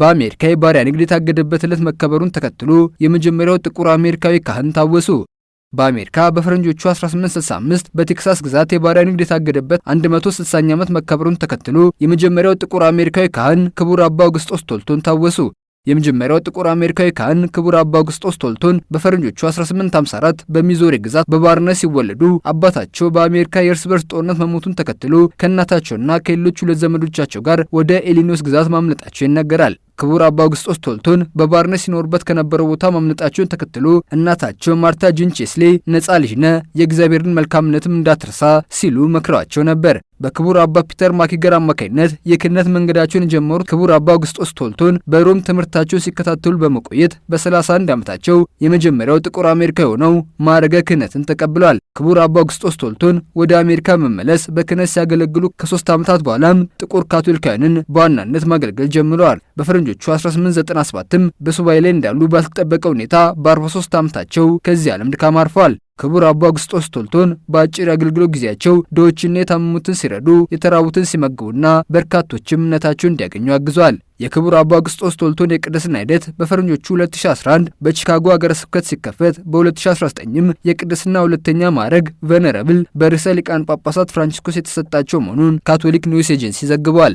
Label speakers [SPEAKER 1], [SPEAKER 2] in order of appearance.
[SPEAKER 1] በአሜሪካ የባሪያ ንግድ የታገደበት ዕለት መከበሩን ተከትሎ የመጀመሪያው ጥቁር አሜሪካዊ ካህን ታወሱ። በአሜሪካ በፈረንጆቹ 1865 በቴክሳስ ግዛት የባሪያ ንግድ የታገደበት 160ኛ ዓመት መከበሩን ተከትሎ የመጀመሪያው ጥቁር አሜሪካዊ ካህን ክቡር አባ አውግስጦስ ቶልቶን ታወሱ። የመጀመሪያው ጥቁር አሜሪካዊ ካህን ክቡር አባ አውግስጦስ ቶልቶን በፈረንጆቹ 1854 በሚዞሪ ግዛት በባርነት ሲወለዱ አባታቸው በአሜሪካ የእርስ በርስ ጦርነት መሞቱን ተከትሎ ከእናታቸውና ከሌሎች ሁለት ዘመዶቻቸው ጋር ወደ ኢሊኖስ ግዛት ማምለጣቸው ይነገራል። ክቡር አባ አውግስጦስ ቶልቶን በባርነት ሲኖርበት ከነበረው ቦታ ማምለጣቸውን ተከትሎ እናታቸው ማርታ ጂንቼስሌ ነጻ ልጅነ የእግዚአብሔርን መልካምነትም እንዳትረሳ ሲሉ መክረዋቸው ነበር። በክቡር አባ ፒተር ማኪገር አማካኝነት የክህነት መንገዳቸውን የጀመሩት ክቡር አባ አውግስጦስ ቶልቶን በሮም ትምህርታቸውን ሲከታተሉ በመቆየት በ31 ዓመታቸው የመጀመሪያው ጥቁር አሜሪካ የሆነው ማዕረገ ክህነትን ተቀብለዋል። ክቡር አባ አውግስጦስ ቶልቶን ወደ አሜሪካ መመለስ በክህነት ሲያገለግሉ ከሶስት ዓመታት በኋላም ጥቁር ካቶሊካውያንን በዋናነት ማገልገል ጀምረዋል። በፈረንጆቹ 1897ም በሱባኤ ላይ እንዳሉ ባልተጠበቀ ሁኔታ በ43 ዓመታቸው ከዚህ ዓለም ድካም አርፈዋል። ክቡር አባ አግስጦስ ቶልቶን በአጭር አገልግሎት ጊዜያቸው ድሆችና የታመሙትን ሲረዱ የተራቡትን ሲመግቡና በርካቶችም እምነታቸውን እንዲያገኙ አግዟል። የክቡር አባ አግስጦስ ቶልቶን የቅድስና ሂደት በፈረንጆቹ 2011 በቺካጎ ሀገረ ስብከት ሲከፈት በ2019ም የቅድስና ሁለተኛ ማዕረግ ቬነረብል በርዕሰ ሊቃን ጳጳሳት ፍራንቺስኮስ የተሰጣቸው መሆኑን ካቶሊክ ኒውስ ኤጀንሲ ዘግቧል።